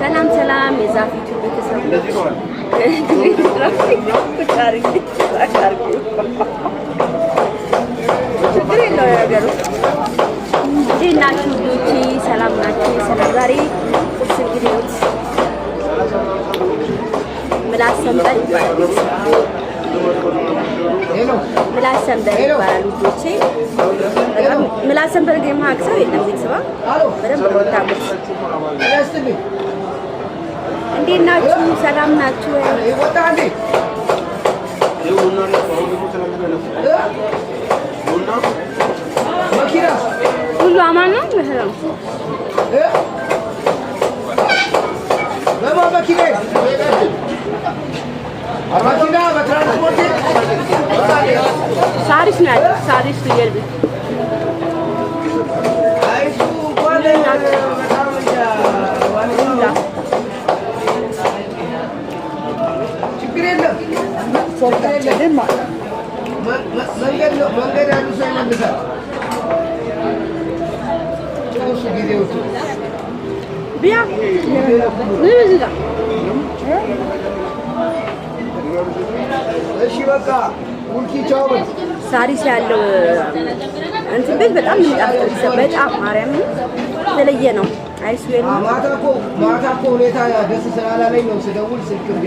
ሰላም ሰላም፣ የዛፍ ቤተሰብ ችግር የለው እንዴት ናችሁ ሰላም ናችሁ? ሰላም ዛሬ ቁርስ እንግዲህ ምላስ ሰንበል ምላስ ሰንበር ይባላል ምላስ ሰንበር ግን ማክሰው የለም ቤተሰባ በደንብ ઠંડી નાચું સલામ નાચું এগুলো আমার নাম মেহরাম सारी स्नैक सारी सीरियल भी ሰርታችንን ማለት ነው። መንገድ አድርሶ ይመልሳል። ጭሱ ሳሪስ ያለው እንትን ቤት በጣም የሚጣፍጥ በጣም ማርያም የተለየ ነው። አይስዌል ማታ እኮ ሁኔታ ደስ ስላላለኝ ነው ስደውል ስልክ እምቢ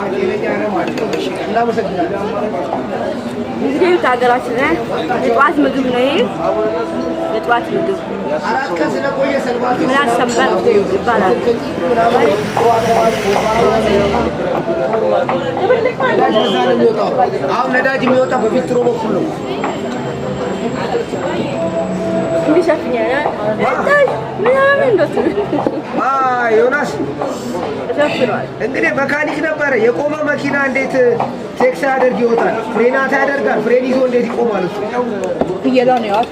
እንግዲህ ሀገራችን የጠዋት ምግብ ነው ይሄ። የጠዋት ምግብ ምን አሰንበት ይባላል። አሁን ነዳጅ የሚወጣው በፊትሮ በኩል ነው። ይሸፍኛል ዮናስ እንግዲህ መካኒክ ነበረ። የቆመ መኪና እንዴት ቴክስ ያደርግ ይወጣል? ፍሬናት ያደርጋል። ፍሬን ይዞ እንዴት ይቆማል? እየለው ነው ያው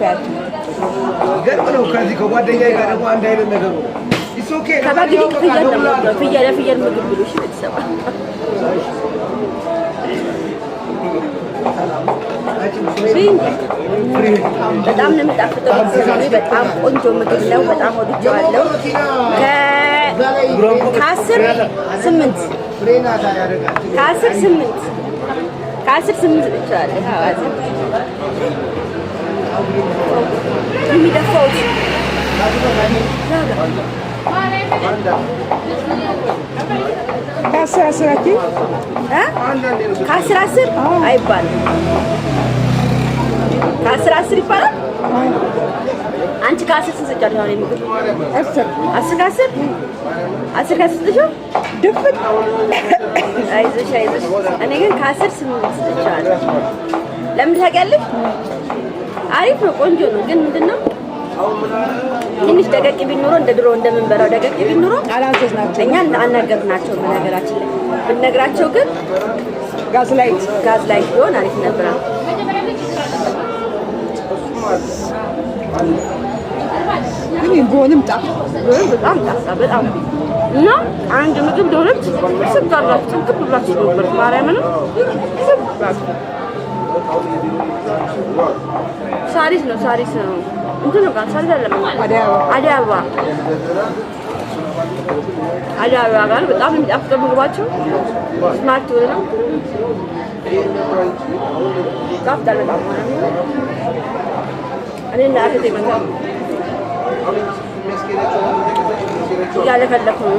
ገርም ነው። ከዚህ ከጓደኛ ጋር ደግሞ አንድ አይነት ነገር ነው። ፍየል ምግብ ብሎ በጣም ነው የሚጣፍጠው። በጣም ቆንጆ ምግብ ነው። በጣም ወድጀዋለሁ። ከአስር ስምንት ከአስር ስምንት ከአስር ስምንት ብቻዋለሁ። የሚደፋው ከአስር አስራችን ከአስር አስር አይባልም። ከአስር አስር ይባላል። አንቺ ከአስር ስንት ሰጫለሽ? አሁን የምግብ አስር አስር ከአስር አስር ከአስር ስጥሽ ድፍን። አይዞሽ አይዞሽ። እኔ ግን ከአስር ስምንት ስጥሻለሁ። ለምን ታውቂያለሽ? አሪፍ ነው፣ ቆንጆ ነው። ግን ምንድን ነው ትንሽ ደቀቅ ቢኖሮ እንደ ድሮ እንደምንበራው ደቀቅ ቢኖሮ ናቸው። እኛ አናገርናቸው። በነገራችን ላይ ብነግራቸው ግን ጋዝ ላይት ጋዝ ላይት ቢሆን አሪፍ ነበር። ግን ጎንም ጣፍ በጣም ጣፍ በጣም እና አንድ ምግብ ደሆነች ስጋላች ጥንቅብ ብላችሁ ነበር ማርያምንም ሳሪስ ነው ሳሪስ ነው እንትን ጋር አይደለም አደይ አበባ አደይ አበባ ጋር በጣም የሚጣፍጥ ምግባቸው ስማርት ነው። ይጣፍጣል በጣም እኔ እና እህቴ መጣሁ እያለፈለኩ ነው።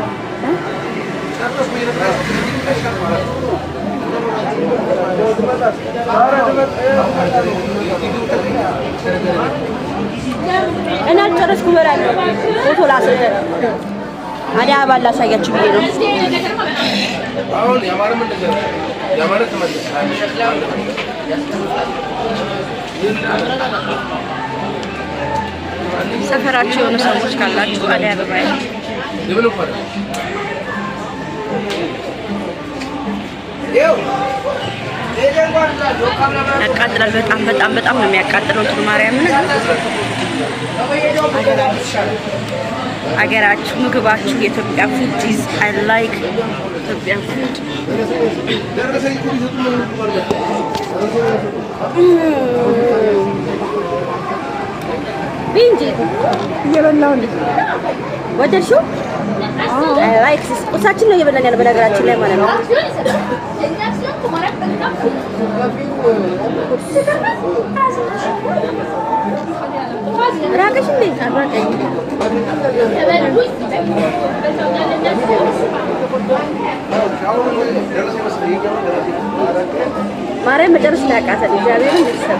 እኔ አልጨረስኩም እላለሁ። ፎቶ ላስ አዲስ አበባ ላሳያችሁ ብዬ ነው። ሰፈራችሁ የሆኑ ሰዎች ካላችሁ አዲስ አበባ ያቃጥላል። በጣም በጣም በጣም ነው የሚያቃጥለው። ቱ ማርያምን አገራችሁ፣ ምግባችሁ የኢትዮጵያ ፉድ ኢዝ አይ ላይክ ኢትዮጵያ ፉድ እንጂ እየበላሁ ወደድሽው ላይክ ቁርሳችን ነው እየበላን ያለው በነገራችን ላይ ማለት ነው። ራቀሽ እንዴ? ማርያም መጨረስ ያቃተል እግዚአብሔርን ቤተሰብ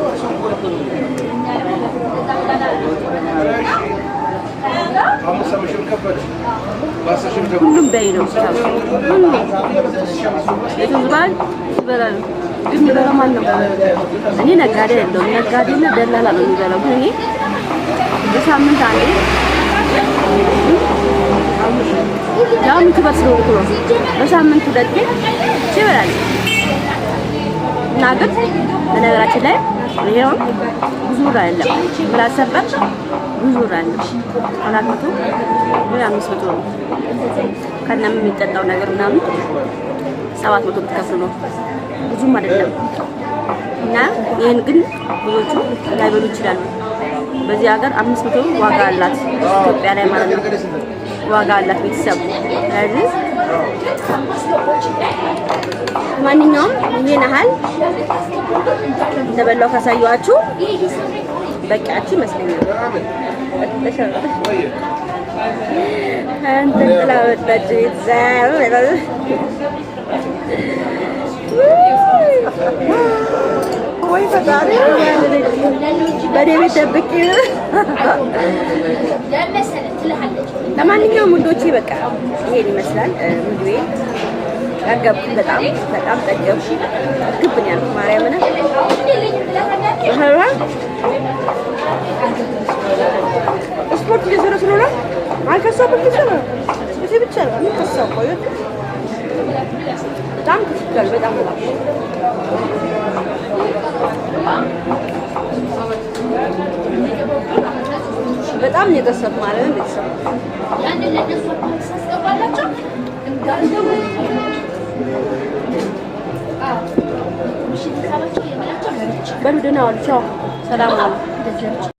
ሁሉም በይ ነው። ሁሉም የትዝባል ትበላ ነው። ግን የሚበላው ማን ነው? እኔ ነጋዴ ነጋዴ ነጋዴና ደላላ ነው የሚበላው። ግን እኔ በሳምንት አንዴ ያሁን ክበር ስለሆንኩ ነው። በሳምንት ሁለቴ ይበላል እና ግን በነገራችን ላይ ይሄው ብዙ ራ የለም ምላሰበት ብዙ ራ የለም አላክቱ ግን አምስት መቶ ነው ከእናም የሚጠጣው ነገር ምናምን ሰባት መቶ ብትከፍሉ ነው ብዙም አይደለም። እና ይህን ግን ብዙዎቹ ላይበሉ ይችላሉ። በዚህ ሀገር አምስት መቶ ዋጋ አላት ኢትዮጵያ ላይ ማለት ነው ዋጋ አላት ቤተሰብ። ስለዚህ ማንኛውም ይህን ያህል እንደበላው ካሳየኋችሁ በቂያችሁ ይመስለኛል። እንትን ጥላ ወጣች። በእኔ ቤት ደብቄ ለማንኛውም ውዶቼ በቃ ይሄን ይመስላል ምግቤ። ያገብኩ በጣም በጣም ጠገብኩ። ግብ ነው ያልኩት ማርያምን ስፖርት እየሰሩ ስለሆነ Arkasına bakırsana. Bize bir tane arkasına koyun. Tam küçükler ve tam kulak. በጣም የተሰማ ነው ቤተሰብ ያን ለነሱ ስገባላቸው ገንዘቡ በምንድን ነው አሉ። ቻው ሰላም አሉ።